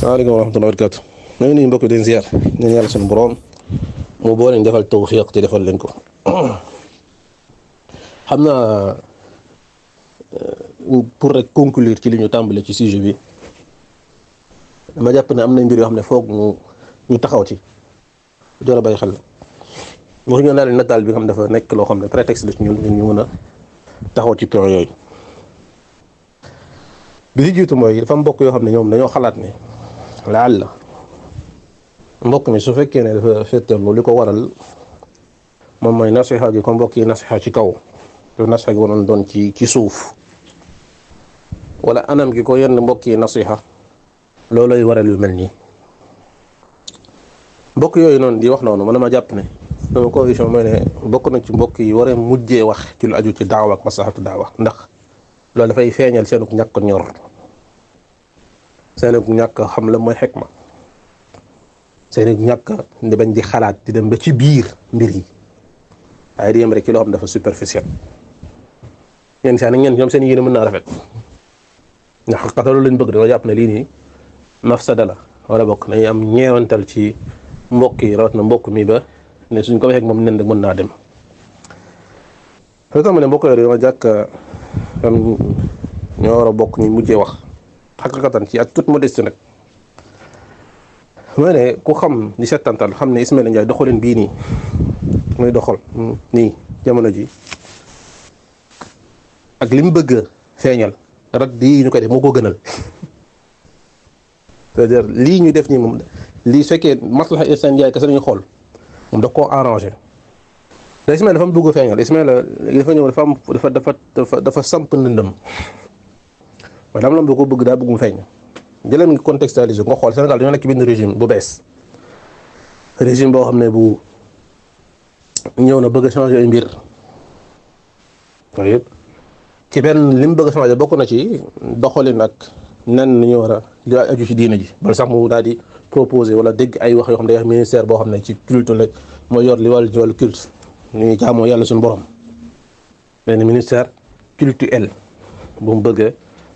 salaamaaleykum wa rahmatulah barakaatu na ngi nuyu mbokk den ziar ñaan yàlla suñu borom mu boo leen defal tawfiq te defal leen ko xam naa pour rek conclure ci li ñu tàmbale ci sujet bi ma jàpp ne am na mbir yoo xam ne foog mu ñu taxaw ci jor a bàyyi xel wax ñu daal nataal bi nga xam dafa nekk loo xam ne prétexte la ci ñun ñu mën a taxaw ci point yooyu bi ci jiitu mooy dafa am mbokk yoo xam ne ñoom dañoo xalaat ne laal mbokk mi su fekkee ne dafa féetarlu li ko waral moom mooy nasiha gi ko mbokk yi nasiha ci kaw te nasiha gi doon ci ci suuf wala anam ki ko yenn mbokk yi nasiha loolooy waral yu mel nii mbokk yooyu noonu di wax noonu man ma jàpp ne sama conviction mooy ne bokk na ci mbokk yi war mujjee wax ci lu aju ci daawa ak masaxatu daawa ndax loolu dafay feeñal seenu ñàkk ñor seen ak ñàkk xam la mooy xekma seen ak ñàkk di bañ di xalaat di dem ba ci biir mbir yi waaye di yem rek ci loo xam dafa superficiel yenn saa nag ñen ñoom seen yéene mën naa rafet ndax xatal lañ bëgg dafa jàpp ne lii nii mafsada la wala bokk nañu am ñeewantal ci mbokk yi rawat na mbokk mi ba ne suñ ko waxee ak moom nen rek mën naa dem lu tax mbokk yooyu dama jàkk ñoo war a bokk ñu mujjee wax حقيقةً في أتوت مدرسينك. وين كوخم ان تنتال خم من دخول ني جمالجي. أقلم بقى فينال رك دي نكاد مو جوجنال. تدر لي ندفني مم لي سكين مصلحة إنسان جاي كسرني خال. مم دكوا أرانج. اسمه لفهم دوغو فينال اسمه لفهم لفهم لفهم لفهم لفهم لفهم لفهم لفهم لفهم لفهم لفهم لفهم لفهم لفهم لفهم لفهم لفهم لفهم لفهم waaye lam-lam ko bëgg daa bëgg mu feeñ jëleen nga contextualiser nga xool Sénégal dañoo nekk benn régime bu bees régime boo xam ne bu ñëw na bëgg a mbir yëpp ci benn li mu bëgg a changer bokk na ci doxalin ak nan la ñu war a li aju ci diina ji bala sax mu daal di proposer wala dégg ay wax yoo xam ne ministère boo xam ne ci culte la mooy yor li wàllu ci wàllu culte ñu ngi jaamoo yàlla suñu borom benn ministère culturel bu mu bëgg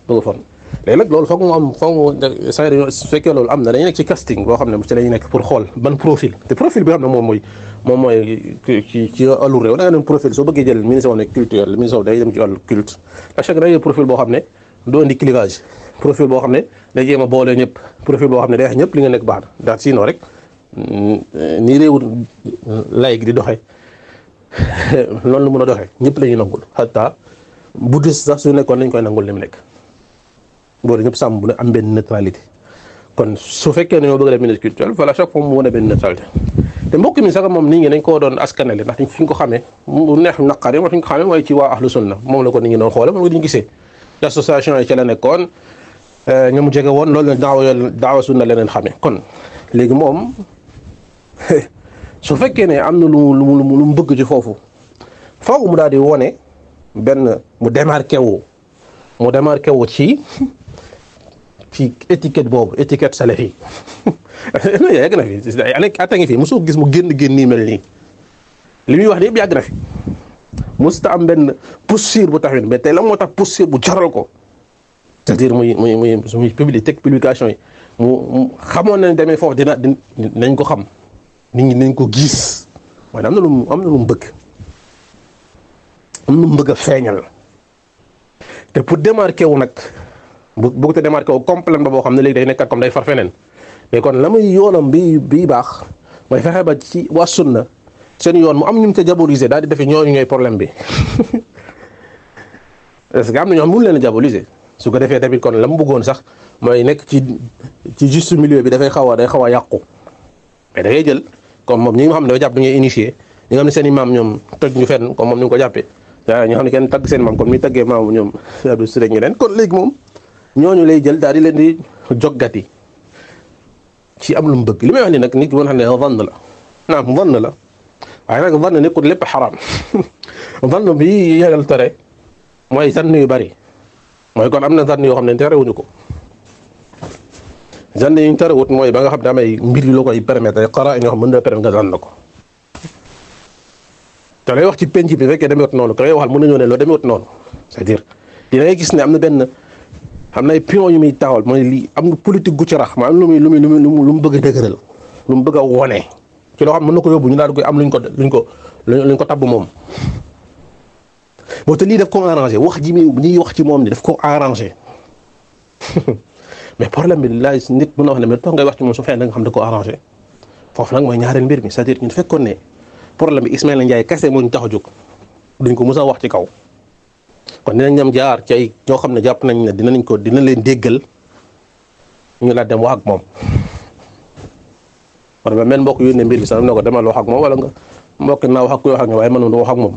du nga fon léegi nag loolu foog mu am foog mu c'est-à-dire su fekkee loolu am na dañuy nekk ci casting boo xam ne ci la ñuy nekk pour xool ban profil te profil bi xam ne moom mooy moom mooy ci ci wàllu réew da nga profil soo bëggee jël ministre woon ne culture ministre woon day dem ci wàllu culte à chaque ne doo indi clivage profil boo xam ne day jéem a boole ñëpp profil boo xam ne day ñëpp li nga nekk baax na daal mm, nii réewu lay gi di doxee loolu la mën a doxee ñëpp la ñuy nangul xataa buddhiste sax su nekkoon lañ koy nangul li mu nekk boor ñëpp sàmm bu ne am kon su fekkee ne ñoo bëgg a def ménage culturel voilà te mbokk mi sax moom nit ñi dañ koo doon askanale ndax fi ñu ko xamee mu neex naqare moom fi ñu ko xamee mooy ci waa ahlu sunna moom la ko nit ñi doon xoole moom la ñu gisee association yi ci la nekkoon euh, mu jege woon loolu daawa sunna leneen xamee kon léegi moom su fekkee ne am na lu lu lu mu bëgg ci foofu faaw mu daal di wone benn mu démarqué wu mu démarqué wu ci ci étiquette boobu étiquette salafi yàgg na fi année atta ngi fi mosoo gis mu génn génn nii mel nii li muy wax de yëpp yàgg na fi mosut am benn posture bu taxawin mais tey la moo tax posture bu jaral ko c'est-à-dire muy muy muy muy publi teg publication yi mu xamoon nañ demee foofu dina nañ ko xam nit ñi dinañ ko gis waaye am lu mu am na lu mu bëgg am na mu bëgg a feeñal te pour démarquer wu nag. bu bu ko démarqué wu complet ba boo xam ne léegi day nekk comme day far feneen mais kon la muy yoonam bi bi baax mooy fexe ba ci waa na seen yoon mu am ñu mu ca diaboliser daal di defe ñooñu ngay problème bi parce que am na ñoo xam leen a su ko defee tamit kon la mu bëggoon sax mooy nekk ci ci juste milieu bi dafay xaw a day xaw a yàqu mais da ngay jël comme moom ne dafa jàpp dañuy initier ñi nga ñu fenn comme ko jàppe waaw ñoo xam ne kenn tagg seen maam kon muy taggee maam ñoom Abdou Sire ñu leen kon léegi moom ñooñu lay jël daal di leen di joggati ci am lu mu bëgg li may wax ni nag nit woon xam ne vann la naam vann la waaye nag vann nekkul lépp xaraam vann bi yàlla tere mooy zann yu bari mooy kon am na zann yoo xam ne terewuñu ko zann yi ñu terewut mooy ba nga xam ne amay mbir yu la koy permettre ay xara ñoo xam mën na permettre nga zann ko te lay wax ci penc bi fekkee demewut noonu ka ngay waxal mën nañoo ne loo demewut noonu c'est-à-dire dina ngay gis ne am na benn am na ay pion yu muy taxawal mooy lii am na politique gu ci rax maanaam lu muy lu muy lu mu lu mu bëgg a dëgëral lu mu bëgg a wone ci loo xam mën na ko yóbbu ñu daal di am luñ ko luñ ko luñ ko tabb moom. boo te lii daf ko arrangé wax ji muy ñiy wax ci moom ni daf ko arrangé mais problème bi laaj nit mën na wax ne mais tax ngay wax ci moom su fekkee da nga xam ne ko arrangé foofu nag mooy ñaareel mbir mi sa à dire ñun fekkoon ne problème bi Ismaïla Ndiaye kese moo ñu tax a jóg duñ ko mës a wax ci kaw. kon dinañ dem jaar ci ay ñoo xam ne jàpp nañ ne dinañ ko dina leen déggal ñu la dem wax ak moom kon ba mel mbokk yu ne mbir bi sax ne ko demal wax ak moom wala nga mbokk naa wax ak kuy wax ak nga waaye man du wax ak moom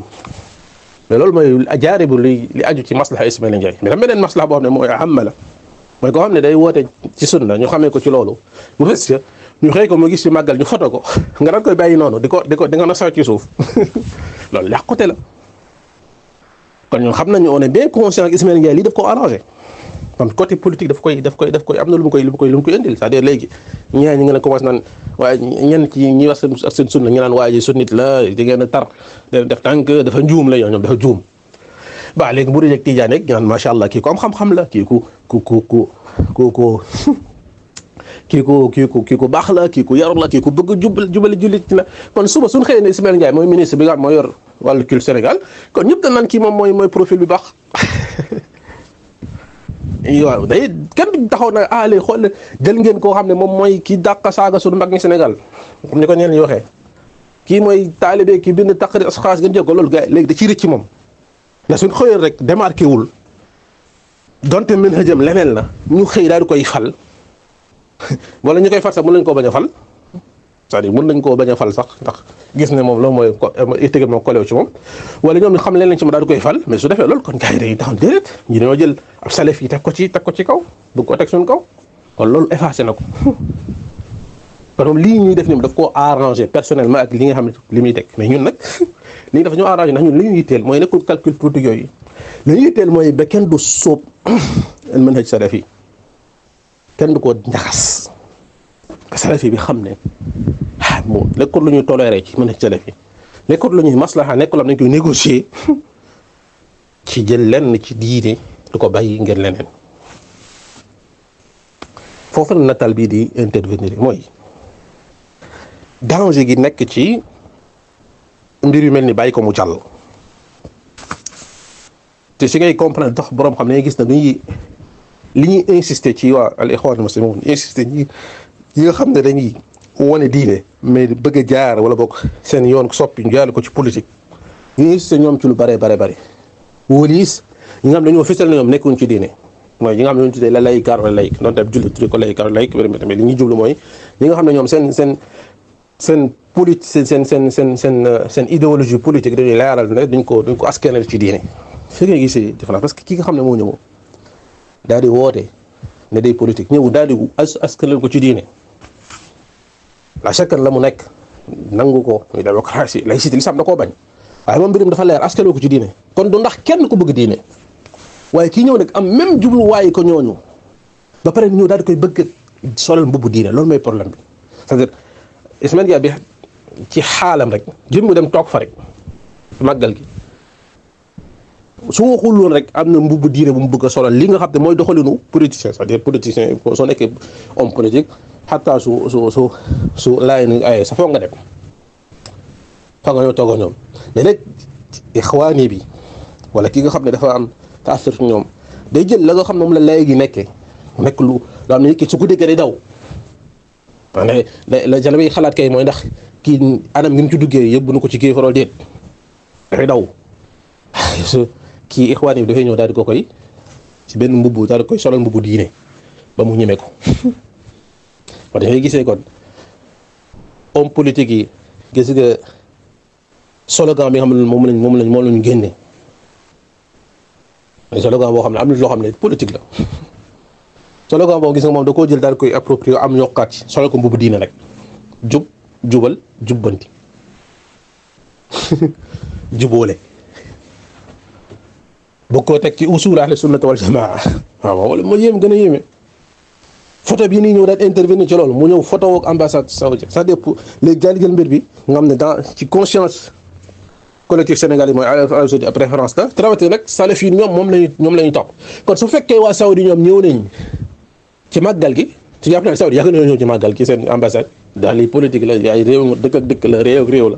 mais loolu mooy jaaribu li li aju ci maslaha Ismaila Ndiaye mais tam beneen maslaha boo xam ne mooy aham la mooy koo xam ne day woote ci sunna ñu xamee ko ci loolu bu fees ya ñu xëy ko mu gis ci màggal ñu foto ko nga daan koy bàyyi noonu di ko di ko di nga na saw ci suuf loolu yàqute la kon ñun xam nañu on est bien conscient ak Ismaël Ndiaye lii daf ko arrangé kon côté politique daf koy daf koy daf koy am na lu mu koy lu mu koy lu mu koy indil c'est-à-dire léegi ñaa ñi nga a commencé naan waaye ñenn ci ñi wax seen ak seen sunna ñu naan waaye ji sunnit la di ngeen a tar def tànk dafa njuum la ñoom dafa juum ba léegi bu rek Tijaan rek ñu naan macha allah kii ko am xam-xam la kii ku ku ku ku ku ku kii ku kii ku kii ku baax la kii ku yaru la kii ku bëgg jubal jubali jullit la kon suba suñ xëyee ne Ismaël Ndiaye mooy ministre bi nga xam moo yor wàllu cul Sénégal kon ñëpp dañ naan kii moom mooy mooy profil bi baax waaw day kenn taxaw na ah léegi xool jël ngeen koo xam ne moom mooy kii dàq saaga suñu mag ñi Sénégal comme ni ko ñeneen ñi waxee kii mooy taalibe kii bind taqrir asxaas gën jéego loolu gars yi léegi da ciy ci moom na suñ xëyoon rek démarqué wul donte mën a jëm leneen la ñu xëy daal di koy fal wala ñu koy far sax mën leen koo bañ a c'est-à-dire mën nañ koo bañ a fal sax ndax gis ne moom loolu mooy ittege moom kolew ci moom wala ñoom ñu xam leen lañ ci ma daal di koy fal mais su defee loolu kon gars yi dañuy taxaw déedéet ñu dañoo jël ab salaf yi teg ko ci teg ko ci kaw bëgg ko teg suñ kaw kon loolu effacé na ko kon moom lii ñuy def ñoom daf koo arrangé personnellement ak li nga xam ne li muy teg mais ñun nag li dafa ñu arrangé ndax ñun li ñu yitteel mooy nekkul calcul politique yooyu li ñu yitteel mooy ba kenn du sóob al manhaj salaf yi kenn du ko njaxas salafi bi xamne mo ah luñu nekkul toléré ci mané salafi nekkul luñu maslaha nekkul am nañ koy négocier ci jël lenn ci diine duko bàyyi ngeen lenen fofu na talbi di intervenir moy danger gi nek ci mbir yu melni bayiko mu jàll te ci ngay comprendre tax borom xamné gis na du li ñi insister ci wa al ikhwan muslimun insister ñi yi nga xam ne dañuy wane diine mais bëgg a jaar wala bokk seen yoon soppi ñu jaarale ko ci politique. ñu insisté ñoom ci lu bare bare bare wóoliis ñi nga dañoo fësal na ñoom nekkuñ ci diine mooy ñi nga xam ne ñu tuddee la laïc la laïc donte ab jullit tuddee ko nga xam ne ñoom seen seen seen poli seen seen seen seen seen seen idéologie politique dañuy leeral ne duñ ko duñ ko askanal ci diine. fi ngay gisee différence parce que ki nga xam ne moo ñëw daal di woote ne day politique ñëw daal di askanal ko ci diine. la chaque la mu nekk nangu ko muy démocratie laïcité l'islam da koo bañ waaye moom mbirum dafa leer askanoo ko ci diine kon du ndax kenn ko bëgg diine waaye kii ñëw nag am même jubluwaay ko ñooñu ba pare ñëw daal di koy bëgg solal mbubbu diine loolu mooy problème bi cest à bi ci xaalam rek jëm mu dem fa rek màggal gi su waxul woon am na mbubbu diine bu mu bëgg a solal li nga xam ne mooy doxalinu politicien c'est-à-dire politicien soo nekkee homme politique xataa su su su su laay sa foog nga dem foog nga ñëw toog ak ñoom mais nag ixwaani bi wala ki nga xam ne dafa am taasir ci ñoom day jël la nga xam ne moom la lay gi nekkee nekk lu su ko déggee day daw. maanaam la jala bi xalaat kay mooy ndax kii anam gi mu ci duggee yëbbu ko ci kii farol déet bi dafay ñëw daal di ko koy ci benn mbubbu daal di koy solal mbubb diine ba mu ñeme ko. kon dafay gisee kon homme politique yi gis nga slogan bi nga xam ne moom lañ moom lañ moom lañ génne boo xam ne am loo xam ne politique la slogan boo gis nga moom da koo jël daal koy approprié am yokkaat solo ko mbubu diine rek jub jubal jubbanti juboole bu ko teg ci usul ahlu sunnati wal jamaa waaw moo yéem gën a yéeme photo bi nii ñëw daan intervenir ci loolu mu ñëw photo woog ambassade saoudienne c'est-à-dire léegi daal jël mbir bi nga ne daa ci conscience collectif sénégalais mooy Arabie Saoudite préférence la rawatina nag salaf yi ñoom moom lañu ñoom la ñu topp kon su fekkee waa saoudi ñoom ñëw nañ ci màggal gi ci jàpp naa saoudi yàgg nañoo ñëw ci màggal gi seen ambassade daal lii politique la ay réew dëkk ak dëkk la réew ak réew la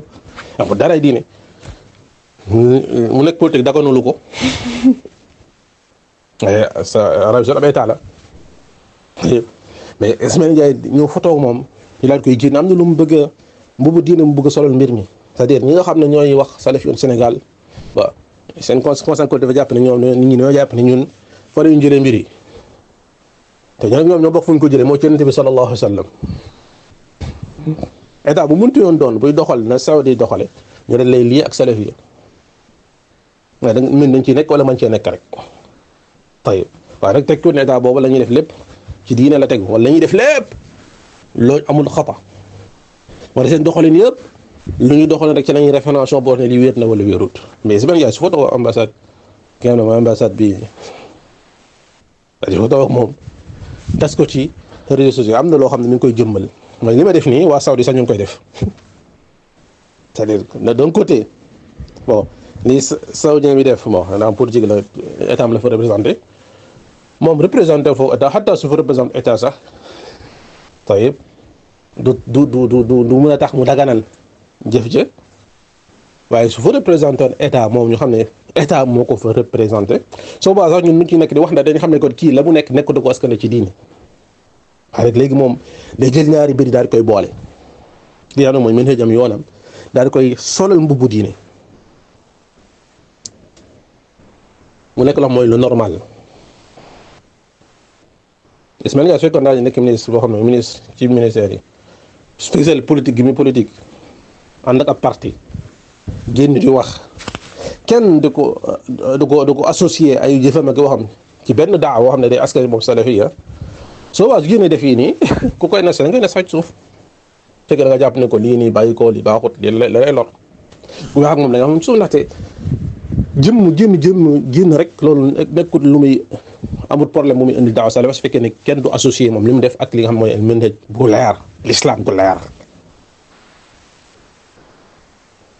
amul dara diine mu nekk politique daganulu ko eh, sa Arabie mais Ismaël Ndiaye ñëw photo moom ñu yi koy génn am na lu mu bëgg mbubu diina mu bëgg solal mbir mi c'est-à-dire ñi nga xam ne ñooy wax salafiyun Sénégal waaw seen conséquence dafa jàpp ne ñoom ñi ñoo jàpp ne ñun fa la mbir yi te ñoo ñoom ñoo bokk ko jëlee moo ci yonent bi sallallahu alayhi wa sallam état bu muntu yoon doon buy doxal na Saudi doxale ñu ne lay lii ak salafi waaye da min dañ ci nekk mañ man cee nekk rek tayib waaye rek te tekkiwul ne état boobu la ñuy def lépp ci diine la tegu wala ñuy def lépp lo amul xata wala seen doxalin yëpp lu ñu doxalin rek ci lañuy référence bo ne li wéet na wala wërut mais ben gars su ko taxaw ambassade ki nga ambassade bi dafa taw ak mom tas ko ci réseaux sociaux amna lo loo ñu koy jëmmal mooy lima def ni wa Saudi sax ñu koy def cest dire na d'un côté bon ni saoudien bi def bon xanaa politique la état la fa représenter moom représenté foofu état xataa su fa représenté état sax tayib du du du du du mën a tax mu daganal jëf jë waaye su fa représenté état moom ñu xam ne état moo ko fa représenté soo baa sax ñun mu ci nekk di wax ndax dañ xam ne kon kii la mu nekk nekk du ko askane ci diini waaye léegi moom day jël ñaari mbir daal di koy boole li nga xam ne mooy mën jam yoonam daal di koy solal mbubbu diine mu nekk la mooy lu normal. Ismaël Ndiaye su fekkoon daal nekk ministre boo xam ne ministre ci ministère yi spécial politique gi muy politique ànd ak ab parti génn di wax kenn di ko di ko di ko associé ay jëfam ak waxam ci benn daa boo xam ne day askan moom salafiya ah. soo waa génne def yi nii ku koy nas ngay nas faj suuf fekk da nga jàpp ne ko lii nii bàyyi ko li baaxut li lay lor bu nga xam moom da nga xam suuf ndaxte jëmm jëmm jëmm génn rek loolu nekkut lu muy amul problème mu indi daaw Saleh ba su kenn du associer mom lim def ak li nga xam mooy manhaj bu leer l'islam bu leer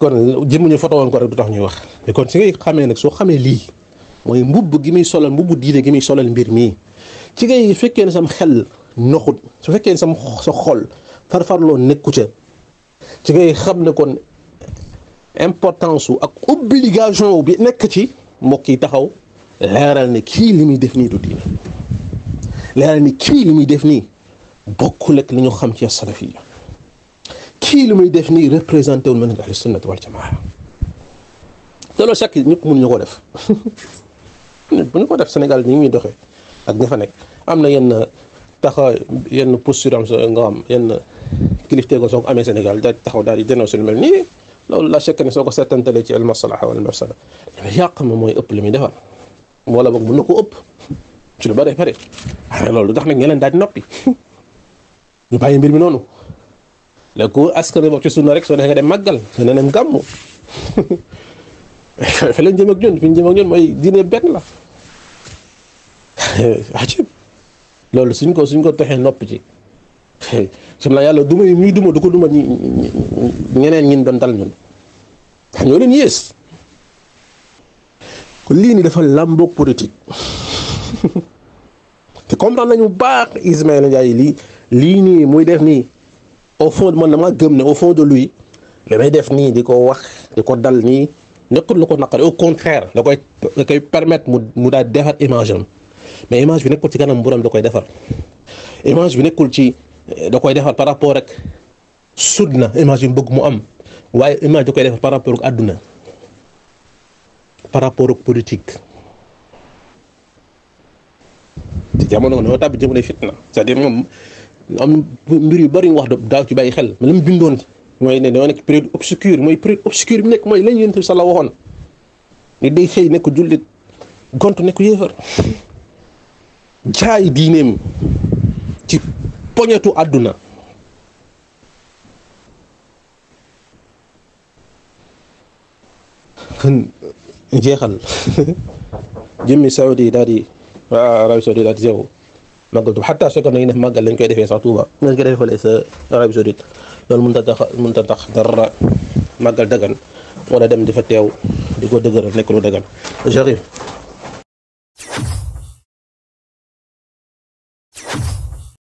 kon ñu photo won ko rek du tax ñuy wax mais kon si ngay xamé nak so xamé li moy mbubb gi muy solal mbubbu diine gi muy solal mbir mi ci ngay fekkene sam xel noxut su fekkene sam sa xol far far lo nekku ci ci ngay xamne kon importance ak obligation bi nek ci mbokki taxaw leral ne ki limi def ni du diine leral ne ki limi def ni bokku ak liñu xam ci salafi ki limi def ni representer wul manhaj ahlu sunnat wal jamaa te loolu chaque ñëpp ñu ko def bu ñu ko def Sénégal ni ñuy doxé ak ñafa nek amna yenn taxa yenn posture am nga am yenn kilifte go sok amé Sénégal da taxaw daal di dénoncé lu mel nii loolu la chaque ne soko ko seetantalee ci al maslaha wal mafsada yàq ma mooy ëpp limi defal wala boog mën na ko ëpp ci lu bëree bëri loolu lu tax nag ñeneen daal di noppi ñu bàyyi mbir mi noonu ko ku askan wi ci sunna rek soo neexee nga dem màggal soo neexee dem jëm ak ñun fi ñu jëm ak mooy diine benn la ajib loolu suñ ko suñ ko toxee noppi ci xam naa yàlla duma yi muy duma du ko duma ñeneen ñin doon dal ñun ñoo leen yées lii nii dafa làmboog politique te comprendre nañu bu baax Ismaïla Ndiaye lii lii nii muy def nii au fond man dama gëm ne au fond de lui li def nii di ko wax di ko dal nii nekkul lu ko naqari au contraire da koy da mu mu daal defar image am mais image bi nekkul ci kanam mburam da koy defar image bi nekkul ci da koy defar par rapport rek sud na image bi mu bëgg mu am waaye image da koy defar par rapport ak àdduna. par rapport ak politique ci jamono noo tàbbi jamono fitna c'est-à-dire ñoom am mbir yu bëri wax daaw ci bàyyi xel mais la mu bindoon mooy ne dañoo nekk période obscure mooy période obscure bi nekk mooy lañ yonent bi sala waxoon ni day xëy nekk jullit gont nekk yéefar jaay diineem ci poñetu àdduna جيخال جيمي سعودي دادي آه، عربي سعودي دادي زيرو ما قلت حتى شكرنا هنا ما قال لنكاي ديفي سعطوبة ناس قال ديفي ليس عربي سعودي لو المنتدخ المنتدخ در ما قال دقن ولا دم دفتي او دقو دقر نكرو دقن جريف